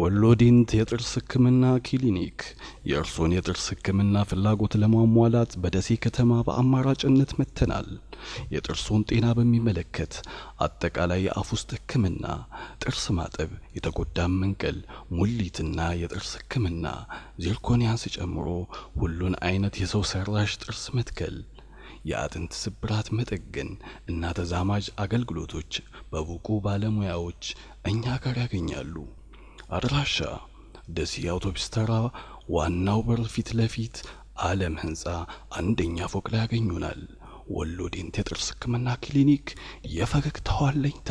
ወሎ የጥርስ ህክምና ክሊኒክ የእርሶን የጥርስ ህክምና ፍላጎት ለማሟላት በደሴ ከተማ በአማራጭነት መጥተናል። የጥርሶን ጤና በሚመለከት አጠቃላይ የአፍ ውስጥ ህክምና፣ ጥርስ ማጠብ፣ የተጎዳም መንቀል፣ ሙሊትና የጥርስ ህክምና ዚርኮንያንስ ጨምሮ ሁሉን አይነት የሰው ሰራሽ ጥርስ መትከል የአጥንት ስብራት መጠገን እና ተዛማጅ አገልግሎቶች በብቁ ባለሙያዎች እኛ ጋር ያገኛሉ። አድራሻ ደሴ አውቶቢስ ተራ ዋናው በር ፊት ለፊት አለም ህንፃ አንደኛ ፎቅ ላይ ያገኙናል። ወሎ ዴንት የጥርስ ህክምና ክሊኒክ የፈገግታው አለኝታ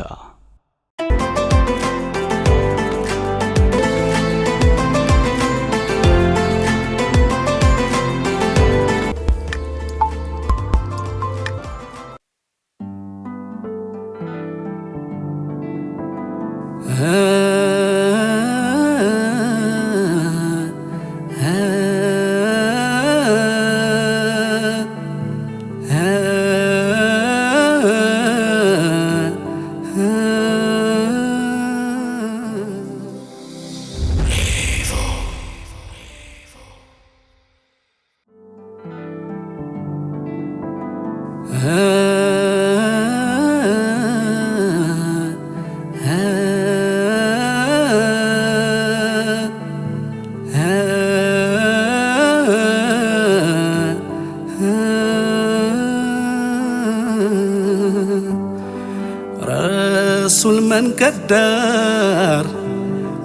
ዳር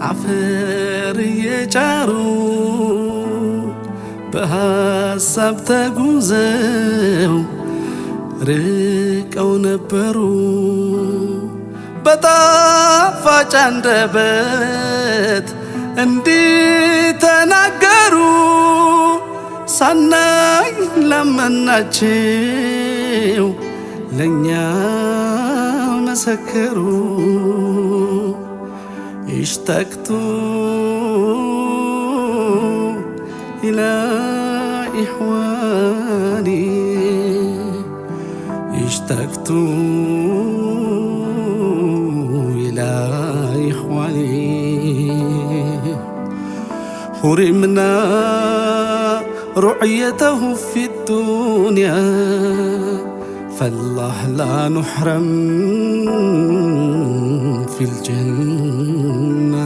አፈር እየጫሩ በሐሳብ ተጉዘው ርቀው ነበሩ። በጣፋጭ አንደበት እንዲህ ተናገሩ። ሳናይ ለመናቸው ለእኛ መሰከሩ። اشتقت إلى إحوالي اشتقت إلى إخواني حرمنا رعيته في الدنيا فالله لا نحرم في الجنة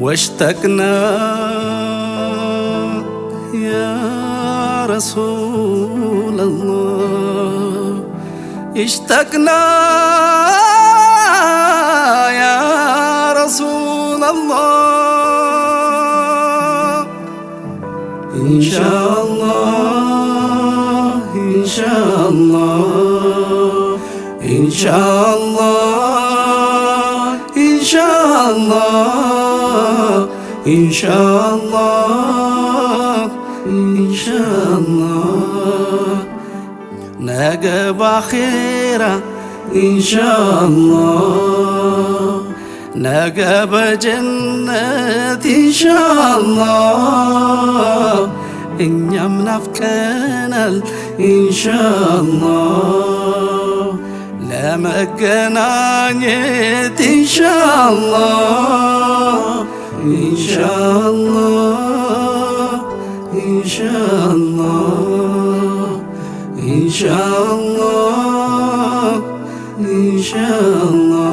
واشتقنا يا رسول الله اشتقنا يا رسول الله إن شاء الله إن شاء الله ኢንሻአላህ ኢንሻአላህ ኢንሻአላህ ኢንሻአላህ ነገ ባኼራ ኢንሻአላህ ነገ በጀነት ኢንሻአላህ እኛም ናፍቀናል ኢንሻአላህ ለመገናኘት ኢንሻአላህ ኢንሻአላህ ኢንሻአላህ ኢንሻአላህ ኢንሻአላህ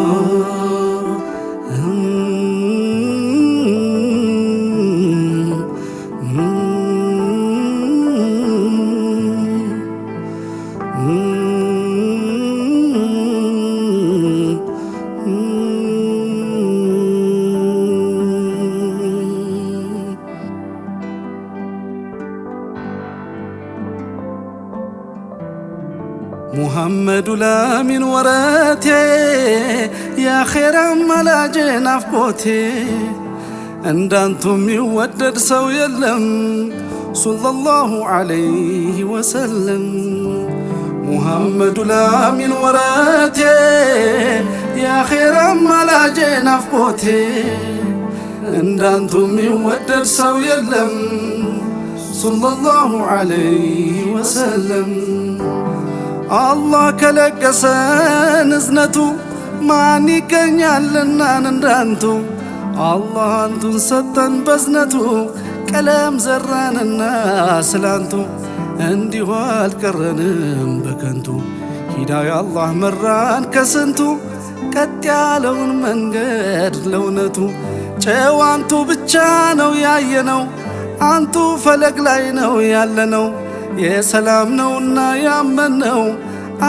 ሙሐመዱ ለሚን ወረቴ የአኼራ መላጄ ናፍቆቴ እንዳንቱ የሚወደድ ሰው የለም ሶለላሁ ዐለይሂ ወሰለም ሙሐመዱ ለሚን ወረቴ የአኼራ መላጄ ናፍቆቴ እንዳንቱ የሚወደድ ሰው የለም ሶለላሁ ዐለይሂ ወሰለም አላህ ከለገሰን እዝነቱ ማን ይገኛልናን እንዳንቱ አላህ አንቱን ሰጠን በዝነቱ ቀለም ዘራንና ስላንቱ እንዲሁ አልቀረንም በከንቱ ሂዳያ አላህ መራን ከስንቱ ቀጥ ያለውን መንገድ ለእውነቱ ጨዋንቱ ብቻ ነው ያየነው አንቱ ፈለግ ላይ ነው ያለነው የሰላም ነውና ያመንነው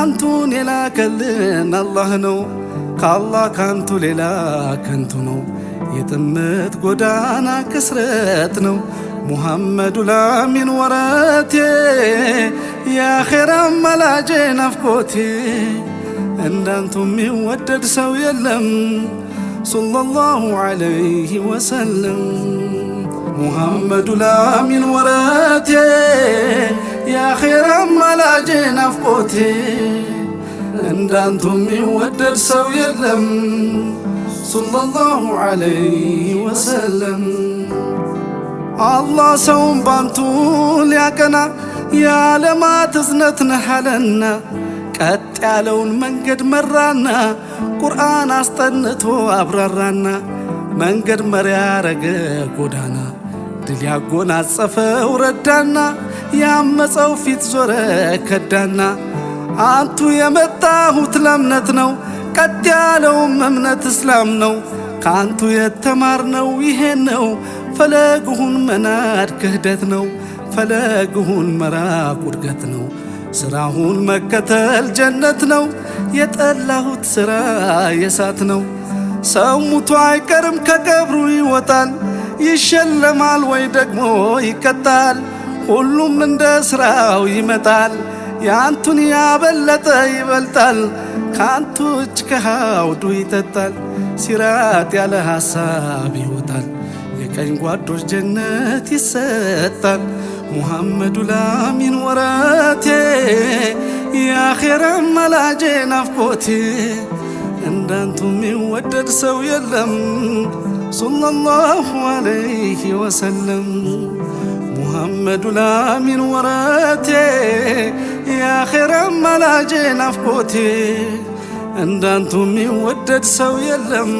አንቱን የላከልን አላህ ነው። ከአላህ ካንቱ ሌላ ከንቱ ነው። የጥምት ጎዳና ክስረት ነው። ሙሐመዱ ላሚን ወረቴ የአኼራ መላጄ ናፍቆቴ እንዳንቱ የሚወደድ ሰው የለም ሰለላሁ ዐለይሂ ወሰለም ሙሐመዱ ላሚን ወረቴ የአኼራ ማላጄ ናፍቆቴ እንዳንቱ የሚወደድ ሰው የለም ሶለላሁ ዐለይሂ ወሰለም። አላህ ሰውን ባንቱ ሊያቀና የዓለማት እዝነት ነሃለና ቀጥ ያለውን መንገድ መራና ቁርአን አስጠንቶ አብራራና መንገድ መሪያ ያረገ ጎዳና ድል ያጎናጸፈው ረዳና ያመፀው ፊት ዞረ ከዳና አንቱ የመጣሁት ለእምነት ነው ቀጥ ያለውም እምነት እስላም ነው ከአንቱ የተማርነው ይሄ ነው ፈለግሁን መናድ ክህደት ነው ፈለግሁን መራቅ ውድቀት ነው ስራሁን መከተል ጀነት ነው የጠላሁት ስራ የሳት ነው ሰው ሙቶ አይቀርም ከቀብሩ ይወጣል ይሸለማል ወይ ደግሞ ይቀጣል። ሁሉም እንደ ስራው ይመጣል። የአንቱን ያበለጠ ይበልጣል። ከአንቱ እጅ ከሃውዱ ይጠጣል። ሲራጥ ያለ ሐሳብ ይወጣል። የቀኝ ጓዶች ጀነት ይሰጣል። ሙሐመዱ ላሚን ወራቴ የአኼራ መላጄ ናፍቆቴ እንዳንቱ የሚወደድ ሰው የለም። صلى الله عليه وسلم محمد الامين وراتي يا خير ما لا جينا عندانتم يودد سو يلم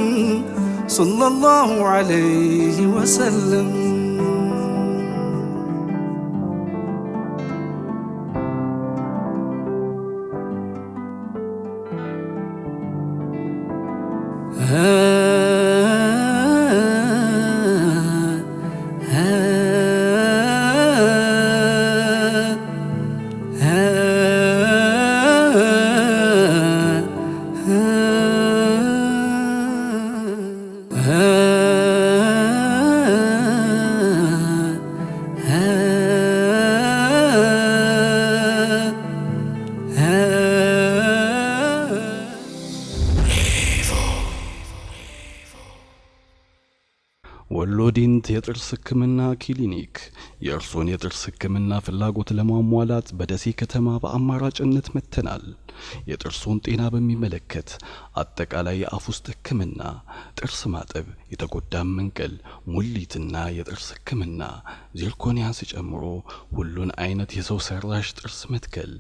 صلى الله عليه وسلم ዲያማንት የጥርስ ህክምና ክሊኒክ የእርሶን የጥርስ ህክምና ፍላጎት ለማሟላት በደሴ ከተማ በአማራጭነት መጥተናል። የጥርሱን ጤና በሚመለከት አጠቃላይ የአፍ ውስጥ ህክምና፣ ጥርስ ማጠብ፣ የተጎዳም መንቀል፣ ሙሊትና የጥርስ ህክምና ዚርኮኒያንስ ጨምሮ ሁሉን አይነት የሰው ሰራሽ ጥርስ መትከል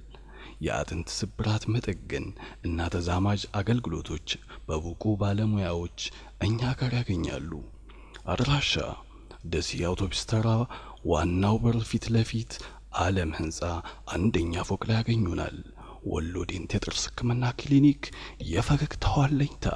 የአጥንት ስብራት መጠገን እና ተዛማጅ አገልግሎቶች በብቁ ባለሙያዎች እኛ ጋር ያገኛሉ። አድራሻ ደሴ አውቶቢስ ተራ ዋናው በር ፊት ለፊት አለም ህንፃ አንደኛ ፎቅ ላይ ያገኙናል። ወሎ ዴንት የጥርስ ህክምና ክሊኒክ የፈገግታው አለኝታ